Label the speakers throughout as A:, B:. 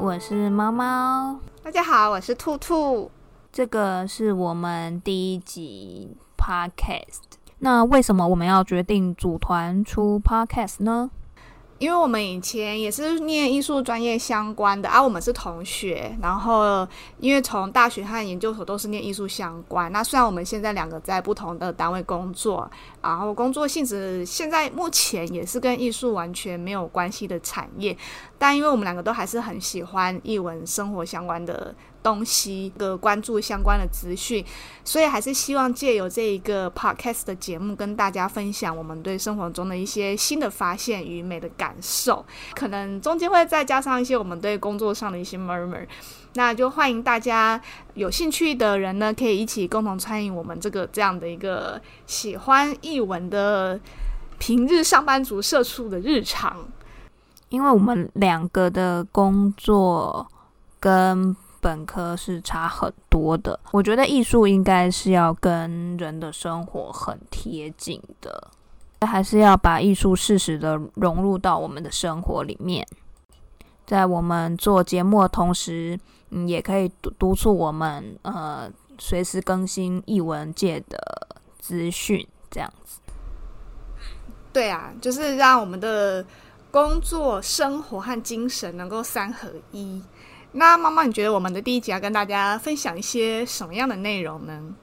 A: 我是貓貓，大家好，我是兔兔。這個是我們第一
B: 集 podcast。
A: 那為什麼我們要決定組團出
B: podcast 呢？因為我們以前也是念藝術專業相關的啊，我們是同學。然後，因為從大學和研究所都是念藝術相關，那雖然我們現在兩個在不同的單位工作，然後工作性質現在目前也是跟藝術完全沒有關係的產業，但因為我們兩個都還是很喜歡藝文生活相關的。東西的關注相關的資訊，所以還是希望借由這一個 podcast 的節目，跟大家分享我們對生活中的一些新的發現與美的感受。可能中間會再加上一些我們對工作上的一些 murmur。那就歡迎大家有興趣的人呢，可以一起共同參與我們這個這樣的一個喜歡藝文的平日上班族社畜的日常。
A: 因為我們兩個的工作跟本科是差很多的。我覺得藝術應該是要跟人的生活很貼近的，還是要把藝術適時的融入到我們的生活裡面，在我們做節目的同時，你也可以督促我們呃隨時更新藝文界的資訊，這樣子。
B: 對啊，就是讓我們的工作、生活和精神能夠三合一。那媽媽，你覺得我們的第一集要跟大家分享一些什麼樣的內容呢？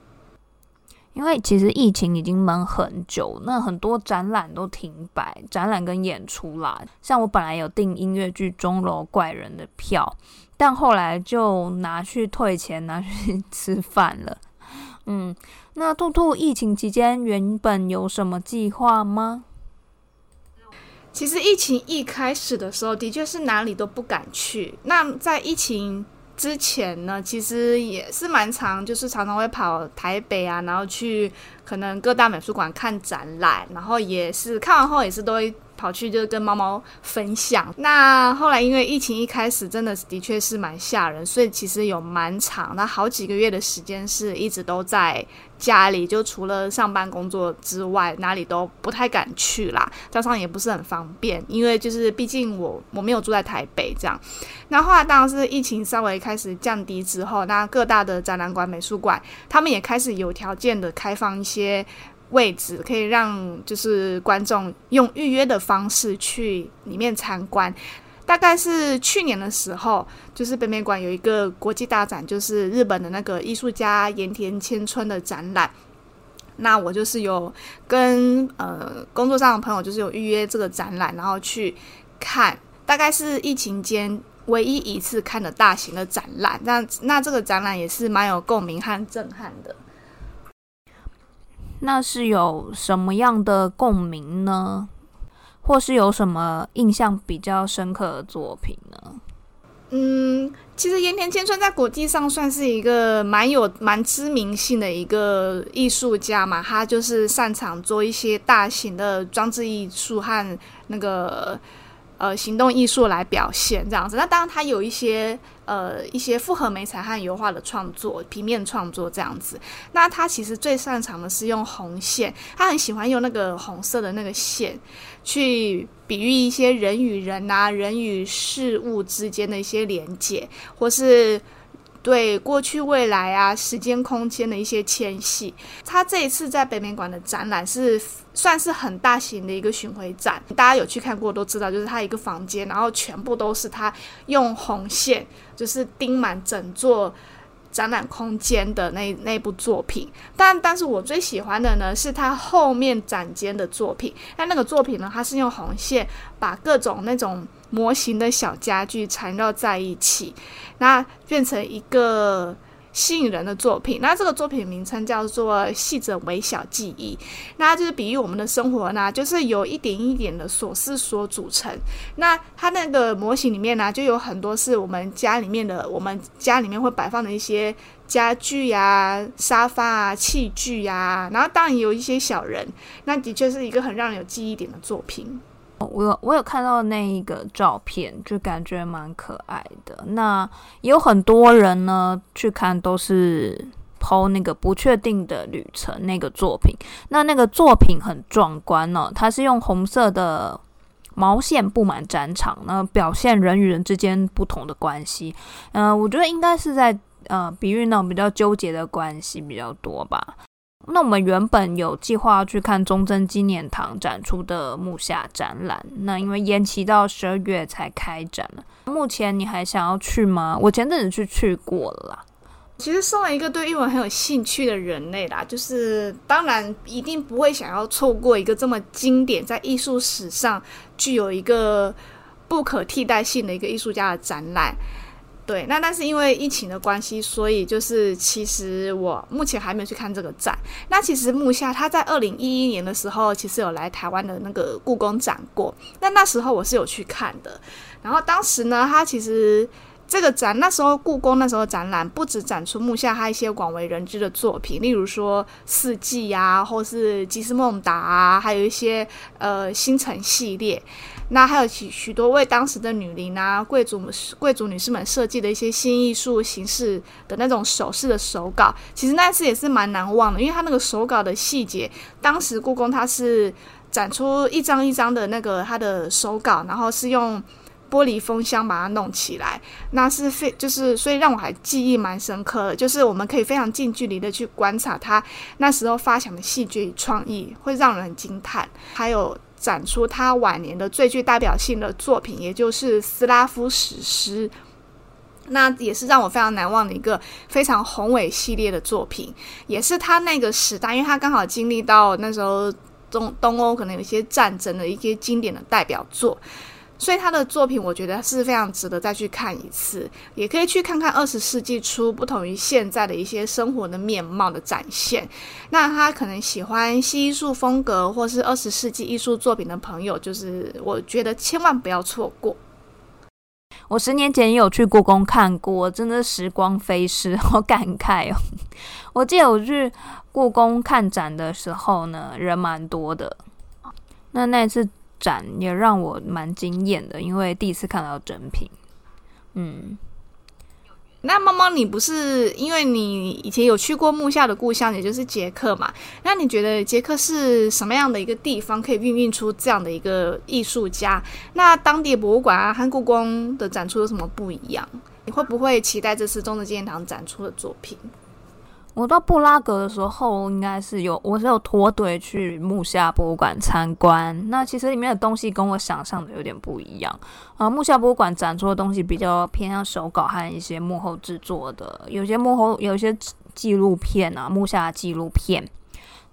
A: 因為其實疫情已經悶很久，那
B: 很多展覽都停擺，
A: 展覽跟演出啦。像我本來有訂音樂劇《鐘樓怪人》的票，但後來就拿去退錢，拿去吃飯了。嗯，那兔兔疫情期間原本有什麼計劃嗎？
B: 其實疫情一開始的時候，的確是哪裡都不敢去。那在疫情之前呢，其實也是蠻常，就是常常會跑台北啊，然後去可能各大美術館看展覽，然後也是看完後也是都會。跑去就是跟貓貓分享。那後來因為疫情一開始，真的是的確是蠻嚇人，所以其實有蠻長那好幾個月的時間是一直都在家裡，就除了上班工作之外，哪裡都不太敢去啦。加上也不是很方便，因為就是畢竟我我沒有住在台北這樣。那後來當然是疫情稍微開始降低之後，那各大的展覽館、美術館，他們也開始有條件的開放一些。位置可以讓就是觀眾用預約的方式去裡面參觀。大概是去年的時候，就是北美館有一個國際大展，就是日本的那個藝術家鹽田千春的展覽。那我就是有跟呃工作上的朋友就是有預約這個展覽，然後去看。大概是疫情間唯一一次看的大型的展覽，那那這個展覽也是蠻有共鳴和震撼的。
A: 那是有什麼樣的共鳴呢？或是有什麼印象比較深刻的作品呢？嗯，
B: 其實鹽田千春在國際上算是一個蠻有蠻知名性的一個藝術家嘛，他就是擅長做一些大型的裝置藝術和那個。呃，行動藝術來表現這樣子。那當然，他有一些呃一些複合媒材和油畫的創作、平面創作這樣子。那他其實最擅長的是用紅線，他很喜歡用那個紅色的那個線，去比喻一些人與人啊、人與事物之間的一些連接，或是。對過去、未來啊，時間、空間的一些遷徙。他這一次在北美館的展覽是算是很大型的一個巡回展，大家有去看過都知道，就是他一個房間，然後全部都是他用紅線就是釘滿整座展覽空間的那那部作品。但但是我最喜歡的呢是他後面展間的作品，那那個作品呢，它是用紅線把各種那種。模型的小家具纏繞在一起，那變成一個吸引人的作品。那這個作品名稱叫做“細者微小記憶”，那就是比喻我們的生活呢，就是由一點一點的瑣事所組成。那它那個模型裡面呢，就有很多是我們家裡面的，我們家裡面會擺放的一些家具呀、啊、沙發啊、器具呀、啊，然後當然也有一些小人，那的確是一個很讓人有記憶點的作品。
A: 我有我有看到那一個照片，就感覺蠻可愛的。那有很多人呢去看，都是 po 那個不確定的旅程那個作品。那那個作品很壯觀哦，它是用紅色的毛線布滿展場，那表現人與人之間不同的關係。嗯、呃，我覺得應該是在呃比喻那種比較糾結的關係比較多吧。那我們原本有計劃要去看中正紀念堂展出的慕夏展覽，那因為延期到十二月才開展了。目前你還想要去嗎？我前陣子去去過了。
B: 其實身為一個對英文很有興趣的人類啦，就是當然一定不會想要錯過一個這麼經典，在藝術史上具有一個不可替代性的一個藝術家的展覽。對，那那是因為疫情的關係，所以就是其實我目前還沒有去看這個展。那其實慕夏他在二零一一年的時候，其實有來台灣的那個故宮展過。那那時候我是有去看的，然後當時呢，他其實。這個展那時候故宮那時候展覽，不止展出慕夏他一些廣為人知的作品，例如說四季呀、啊，或是吉斯蒙達啊，還有一些呃星辰系列，那還有許許多為當時的女伶啊、貴族貴族女士們設計的一些新藝術形式的那種首飾的手稿。其實那次也是蠻難忘的，因為他那個手稿的細節，當時故宮它是展出一張一張的那個他的手稿，然後是用。玻璃封箱把它弄起來，那是非就是所以讓我還記憶蠻深刻的，就是我們可以非常近距離的去觀察他那時候發想的戲劇與創意，會讓人驚嘆。還有展出他晚年的最具代表性的作品，也就是斯拉夫史詩，那也是讓我非常難忘的一個非常宏偉系列的作品，也是他那個時代，因為他剛好經歷到那時候東東歐可能有些戰爭的一些經典的代表作。所以他的作品，我覺得是非常值得再去看一次，也可以去看看二十世紀初不同於現在的一些生活的面貌的展現。那他可能喜歡新藝術風格或是二十世紀藝術作品的朋友，就是我覺得千萬不要錯過。
A: 我十年前也有去故宮看過，真的時光飛逝，好感慨哦。 我記得我去故宮看展的時候呢，人蠻多的。那那次，展也讓我蠻驚豔的，因為第一次看到真品。嗯，
B: 那貓貓，你不是因為你以前有去過慕夏的故鄉，也就是捷克嘛？那你覺得捷克是什麼樣的一個地方，可以孕育出這樣的一個藝術家？那當地博物館啊，和故宮的展出有什麼不一樣？你會不會期待這次中正紀念堂展出的作品？
A: 我到布拉格的時候，應該是有我是有脫隊去慕夏博物館參觀。那其實裡面的東西跟我想象的有點不一樣啊、嗯。慕夏博物館展出的東西比較偏向手稿和一些幕後製作的，有些幕後有一些紀錄片啊，慕夏紀錄片。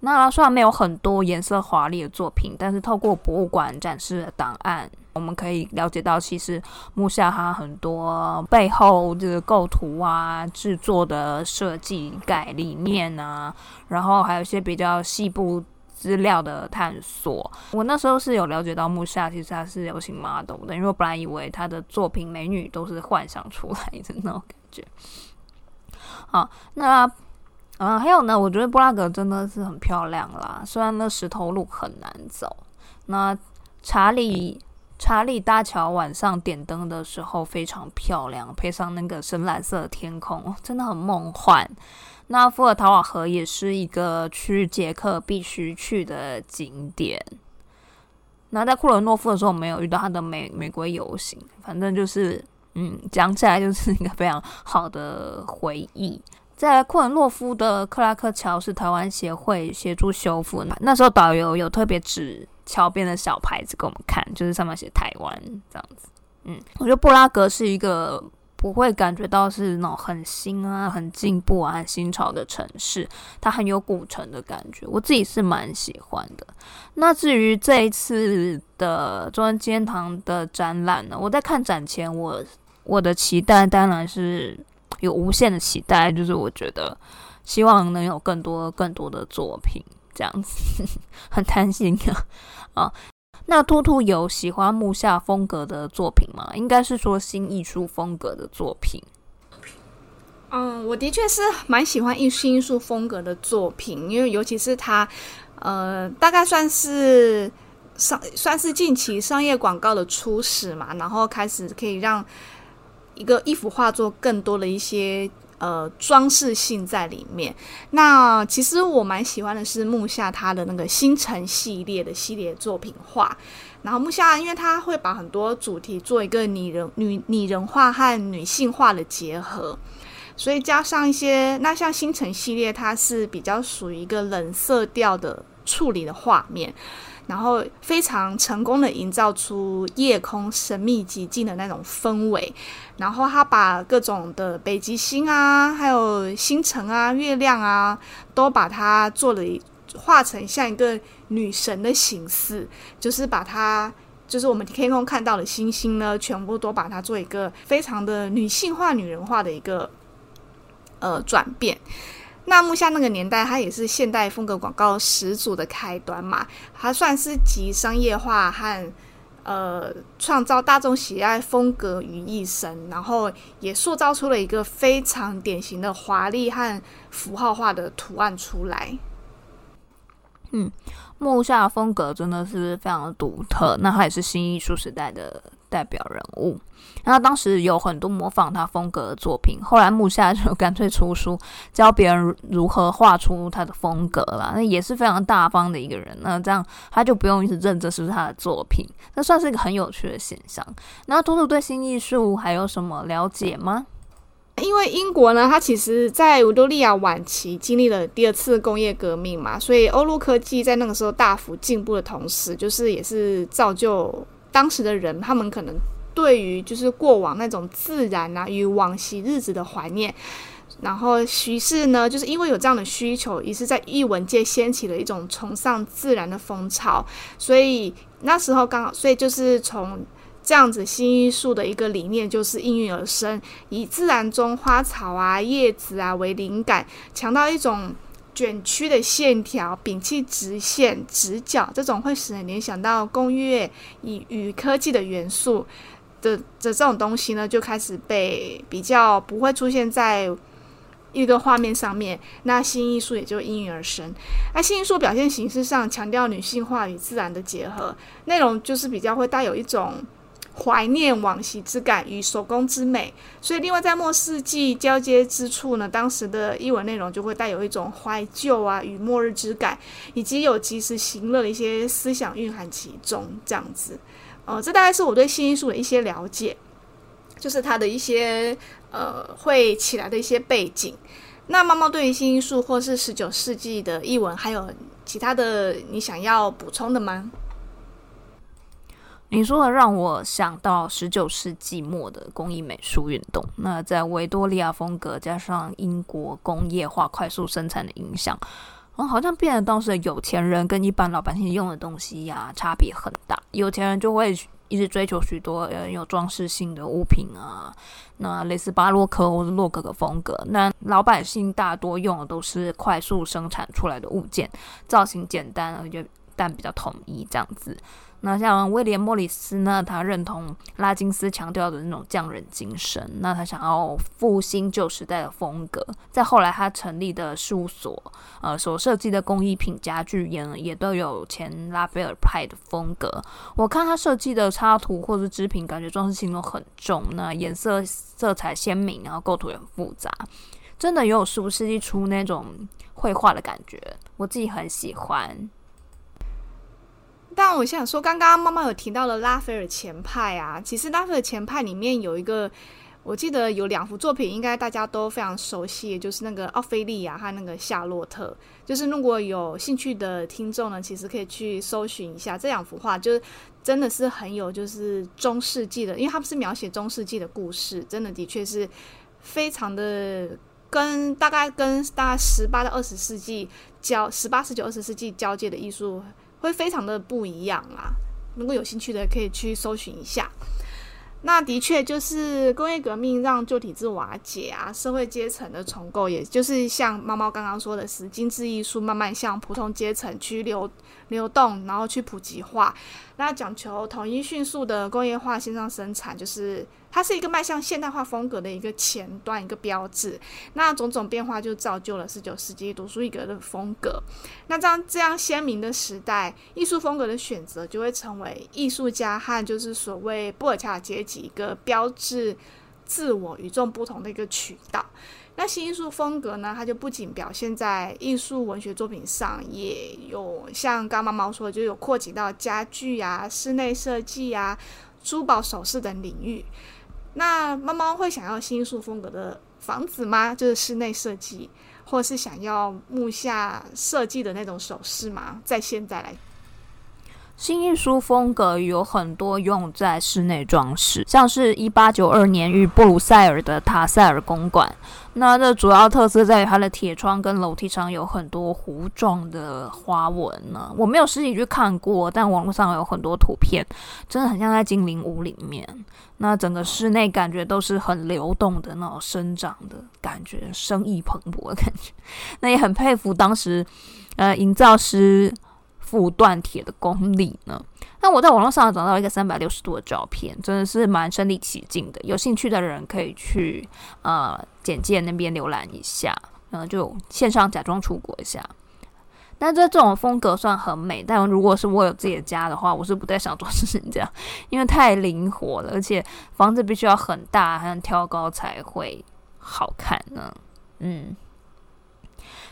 A: 那雖然沒有很多顏色華麗的作品，但是透過博物館展示的檔案，我們可以了解到，其實慕夏他很多背後這個構圖啊、製作的設計概念啊，然後還有一些比較細部資料的探索。我那時候是有了解到慕夏其實他是有請 model 的，因為我本來以為他的作品美女都是幻想出來的那種感覺。好，那。啊，還有呢，我覺得布拉格真的是很漂亮啦。雖然那石頭路很難走，那查理查理大橋晚上點燈的時候非常漂亮，配上那個深藍色的天空，真的很夢幻。那伏爾塔瓦河也是一個去捷克必須去的景點。那在庫倫諾夫的時候，我沒有遇到他的美美國遊行，反正就是嗯，講起來就是一個非常好的回憶。在庫倫洛夫的克拉克橋是台灣協會協助修復。那時候導遊有特別指橋邊的小牌子給我們看，就是上面寫台灣這樣子。嗯，我覺得布拉格是一個不會感覺到是那種很新啊、很進步啊、很新潮的城市，它很有古城的感覺，我自己是蠻喜歡的。那至於這一次的中正紀念堂的展覽呢，我在看展前我，我我的期待當然是。有無限的期待，就是我覺得希望能有更多更多的作品，這樣子呵呵很貪心啊。啊、哦，那兔兔有喜歡慕夏風格的作品嗎？應該是說新藝術風格的作品。嗯，
B: 我的確是蠻喜歡新藝術風格的作品，因為尤其是他，呃，大概算是上算是近期商業廣告的初始嘛，然後開始可以讓一個一幅畫作更多的一些呃裝飾性在裡面。那其實我蠻喜歡的是慕夏他的那個星辰系列的系列作品畫。然後慕夏因為他會把很多主題做一個擬人、女擬人化和女性化的結合，所以加上一些那像星辰系列，它是比較屬於一個冷色調的處理的畫面，然後非常成功的營造出夜空神秘極境的那種氛圍，然後他把各種的北極星啊，還有星辰啊、月亮啊，都把它做了畫成像一個女神的形式，就是把它，就是我們天空看到的星星呢，全部都把它做一個非常的女性化、女人化的一個呃轉變。那慕夏那個年代，他也是現代風格廣告始祖的開端嘛，他算是集商業化和，呃，創造大眾喜愛風格於一身，然後也塑造出了一個非常典型的華麗和符號化的圖案出來。
A: 嗯，慕夏風格真的是非常獨特，那它也是新藝術時代的代表人物，那當時有很多模仿他風格的作品。後來慕夏就乾脆出書教別人如何畫出他的風格了，那也是非常大方的一個人。那這樣他就不用一直認這是不是他的作品，
B: 那算是一個很有趣的現象。那圖圖對新藝術還有什麼了解嗎？因為英國呢，他其實，在維多利亞晚期經歷了第二次工業革命嘛，所以歐陸科技在那個時候大幅進步的同時，就是也是造就。當時的人，他們可能對於就是過往那種自然啊與往昔日子的懷念，然後於是呢，就是因為有這樣的需求，也是在藝文界掀起了一種崇尚自然的風潮。所以那時候剛好，所以就是從這樣子新藝術的一個理念，就是應運而生，以自然中花草啊、葉子啊為靈感，強調一種。卷曲的線條，摒棄直線、直角這種會使人聯想到工業與與科技的元素的的這種東西呢，就開始被比較不會出現在一個畫面上面。那新藝術也就應運而生。那新藝術表現形式上強調女性化與自然的結合，內容就是比較會帶有一種。懷念往昔之感與手工之美，所以另外在末世紀交接之處呢，當時的藝文內容就會帶有一種懷舊啊與末日之感，以及有及時行樂的一些思想蘊含其中，這樣子。哦、呃，這大概是我對新藝術的一些了解，就是它的一些呃會起來的一些背景。那貓貓對於新藝術或是十九世紀的藝文，還有其他的你想要補充的嗎？
A: 你說的讓我想到十九世紀末的工藝美術運動。那在維多利亞風格加上英國工業化快速生產的影響，哦，好像變得當時的有錢人跟一般老百姓用的東西呀，啊，差別很大。有錢人就會一直追求許多有裝飾性的物品啊，那類似巴洛克或者洛可可風格。那老百姓大多用的都是快速生產出來的物件，造型簡單而且但比較統一這樣子。那像威廉·莫里斯呢？他認同拉金斯強調的那種匠人精神。那他想要復興舊時代的風格，在後來他成立的事務所，呃，所設計的工藝品、家具也也都有前拉斐爾派的風格。我看他設計的插圖或者是織品，感覺裝飾性都很重，那顏色色彩鮮明，然後構圖也很複雜，真的有十五世紀初那種繪畫的感覺，
B: 我自己很喜歡。但我想說，剛剛媽媽有提到了拉斐爾前派啊，其實拉斐爾前派裡面有一個，我記得有兩幅作品，應該大家都非常熟悉，就是那個奧菲利亞和那個夏洛特。就是如果有興趣的聽眾呢，其實可以去搜尋一下這兩幅畫，就是真的是很有就是中世紀的，因為它不是描寫中世紀的故事，真的的確是非常的跟大概跟大概十八到二十世紀交十八十九二十世紀交界的藝術。會非常的不一樣啊！如果有興趣的，可以去搜尋一下。那的確就是工業革命讓舊體制瓦解啊，社會階層的重構，也就是像貓貓剛剛說的是，精致藝術慢慢向普通階層去流流動，然後去普及化。那講求統一、迅速的工業化、線上生產，就是。它是一個邁向現代化風格的一個前端，一個標誌，那種種變化就造就了十九世紀獨樹一格的風格。那這樣這樣鮮明的時代藝術風格的選擇，就會成為藝術家和就是所謂布爾喬亞階級一個標誌自我與眾不同的一個渠道。那新藝術風格呢，它就不僅表現在藝術文學作品上，也有像剛剛毛說的，就有擴及到家具呀、啊、室內設計呀、啊、珠寶首飾等領域。那貓貓會想要新藝術風格的房子嗎？就是室內設計，或者是想要慕夏設計的那種首飾嗎？在現在來。
A: 新藝術風格有很多用在室內裝飾，像是1892年於布魯塞爾的塔塞爾公館。那這主要特色在於它的鐵窗跟樓梯上有很多弧狀的花紋呢、啊。我沒有實體去看過，但網絡上有很多圖片，真的很像在精靈屋裡面。那整個室內感覺都是很流動的那種生長的感覺，生意蓬勃的感覺。那也很佩服當時，呃，營造師。複段鐵的功力呢。那我在網絡上找到一個三百六十度的照片，真的是蠻身臨其境的。有興趣的人可以去呃簡介那邊瀏覽一下，然後就線上假裝出國一下。但這這種風格算很美，但如果是我有自己的家的話，我是不太想做成這樣，因為太靈活了，而且房子必須要很大，還要挑高才會好看呢。嗯，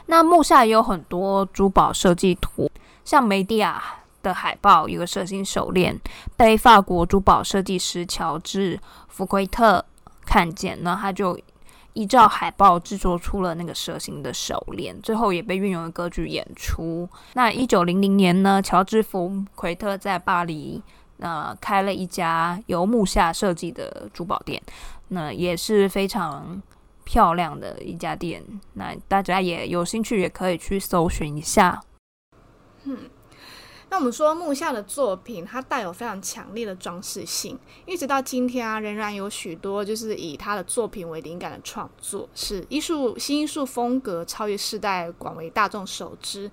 A: 那慕夏也有很多珠寶設計圖。像梅迪亞的海報一個蛇形手鏈，被法國珠寶設計師喬治·福奎特看見，那他就依照海報制作出了那個蛇形的手鏈，最後也被運用了歌劇演出。那一九零零年呢，喬治·福奎特在巴黎呃開了一家由慕夏設計的珠寶店，那也是非常漂亮的一家店，那大家也有興趣也可以去搜尋一下。
B: 嗯，那我們說慕夏的作品，它帶有非常強烈的裝飾性，一直到今天啊，仍然有許多就是以他的作品為靈感的創作，是藝術新藝術風格超越世代，廣為大眾熟知。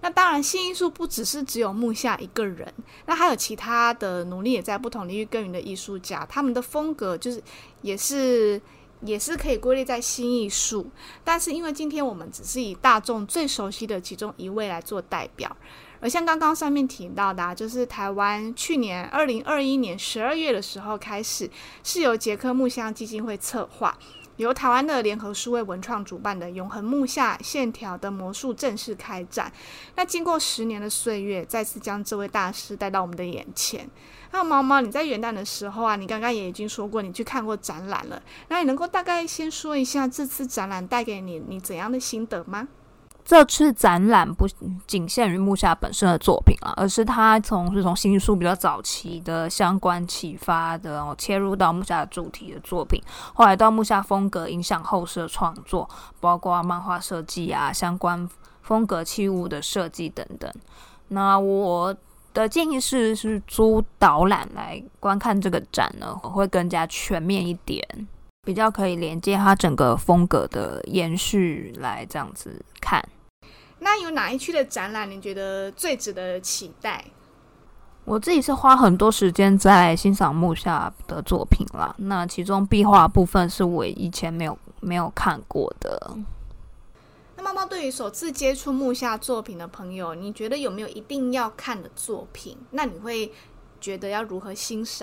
B: 那當然，新藝術不只是只有慕夏一個人，那還有其他的努力也在不同領域耕耘的藝術家，他們的風格就是也是。也是可以歸類在新藝術，但是因為今天我們只是以大眾最熟悉的其中一位來做代表，而像剛剛上面提到的，啊，就是台灣去年二零二一年十二月的時候開始，是由捷克慕夏基金會策劃，由台灣的聯合數位文創主辦的“永恆慕夏線條的魔術”正式開展。那經過十年的歲月，再次將這位大師帶到我們的眼前。那貓貓，你在元旦的時候啊，你剛剛也已經說過，你去看過展覽了。那你能夠大概先說一下這次展覽帶給你你怎樣的心得嗎？
A: 這次展覽不僅限於慕夏本身的作品了，啊，而是它從是從新書比較早期的相關啟發的，然後切入到慕夏主題的作品，後來到慕夏風格影響後世的創作，包括漫畫設計啊，相關風格器物的設計等等。那我。的建議是是租導覽來觀看這個展呢，會更加全面一點，比較可以連接它整個風格的延續來這樣子看。
B: 那有哪一區的展覽你覺得最值得期待？
A: 我自己是花很多時間在欣賞慕夏的作品啦，那其中壁畫部分是我以前沒有沒有看過的。嗯
B: 那麼對於首次接觸慕夏作品的朋友，你覺得有沒有一定要看的作品？那你會覺得要如何欣賞？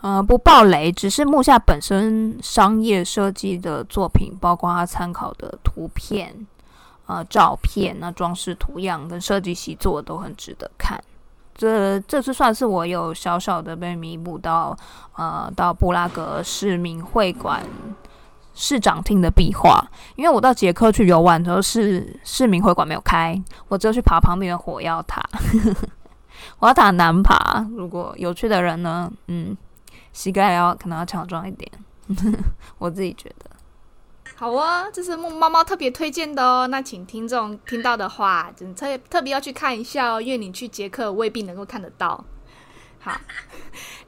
A: 呃，不爆雷，只是慕夏本身商業設計的作品，包括他參考的圖片、呃、照片、那裝飾圖樣跟設計習作都很值得看。這這次算是我有小小的被彌補到，呃，到布拉格市民會館。市長廳的壁畫，因為我到捷克去遊玩的時候市，市市民會館沒有開，我只有去爬旁邊的火藥塔。火藥塔難爬，如果有趣的人呢，嗯，膝蓋要可能要強壯一點呵呵，我自己覺得。
B: 好啊，哦，這是木貓貓特別推薦的哦。那請聽眾聽到的話，就特特別要去看一下哦，因為你去捷克未必能夠看得到。好，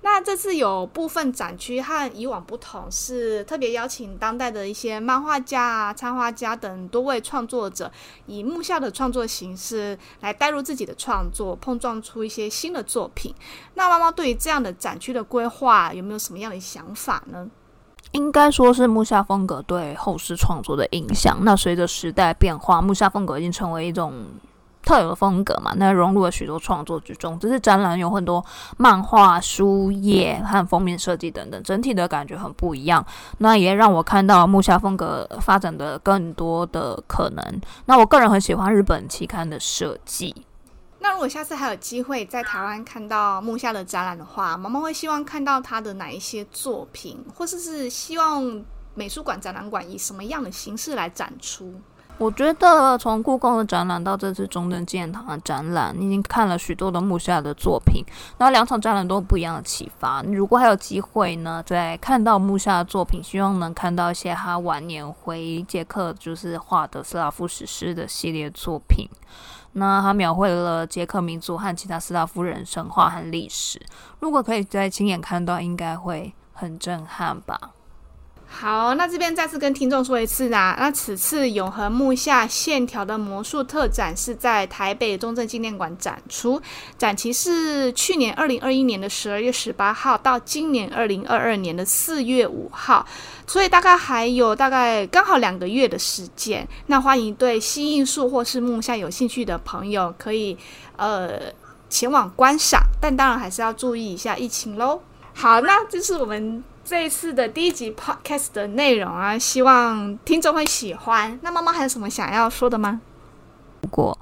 B: 那這次有部分展區和以往不同，是特別邀請當代的一些漫畫家啊、插畫家等多位創作者，以慕夏的創作形式來帶入自己的創作，碰撞出一些新的作品。那媽媽對於這樣的展區的規劃，有沒有什麼樣的想法呢？
A: 應該說是慕夏風格對後世創作的影響。那隨着時代變化，慕夏風格已經成為一種。特有的風格嘛，那融入了許多創作之中。只是展覽有很多漫畫書頁和封面設計等等，整體的感覺很不一樣。那也讓我看到慕夏風格發展的更多的可能。那我個人很喜歡日本期刊的
B: 設計。那如果下次還有機會在台灣看到慕夏的展覽的話，毛毛會希望看到他的哪一些作品，或是是希望美術館展覽館以什麼樣的形式來展出？
A: 我覺得從故宮的展覽到這次中正紀念堂的展覽，你已經看了許多的慕夏的作品。那兩場展覽都有不一樣的啟發。你如果還有機會呢，再看到慕夏的作品，希望能看到一些他晚年回捷克就是畫的斯拉夫史詩的系列作品。那他描繪了捷克民族和其他斯拉夫人神話和歷史。如果可以再親眼看到，應該會很震撼吧。
B: 好，那這邊再次跟聽眾說一次啦。那此次永恆慕夏線條的魔術特展是在台北中正紀念館展出，展期是去年二零二一年的十二月十八號到今年二零二二年的四月五號，所以大概還有大概剛好兩個月的時間。那歡迎對新藝術或是慕夏有興趣的朋友可以呃前往觀賞，但當然還是要注意一下疫情嘍。好，那這是我們。這一次的第一集 podcast 的內容啊，希望聽眾會喜歡。那媽媽還有什麼想要說的嗎？
A: 如果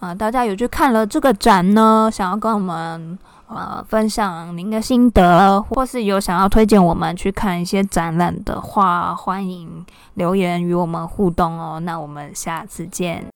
A: 啊、呃，大家有去看了這個展呢，想要跟我們呃分享您的心得，或是有想要推薦我們去看一些展覽的話，歡迎留言與我們互動哦。那我們下次見。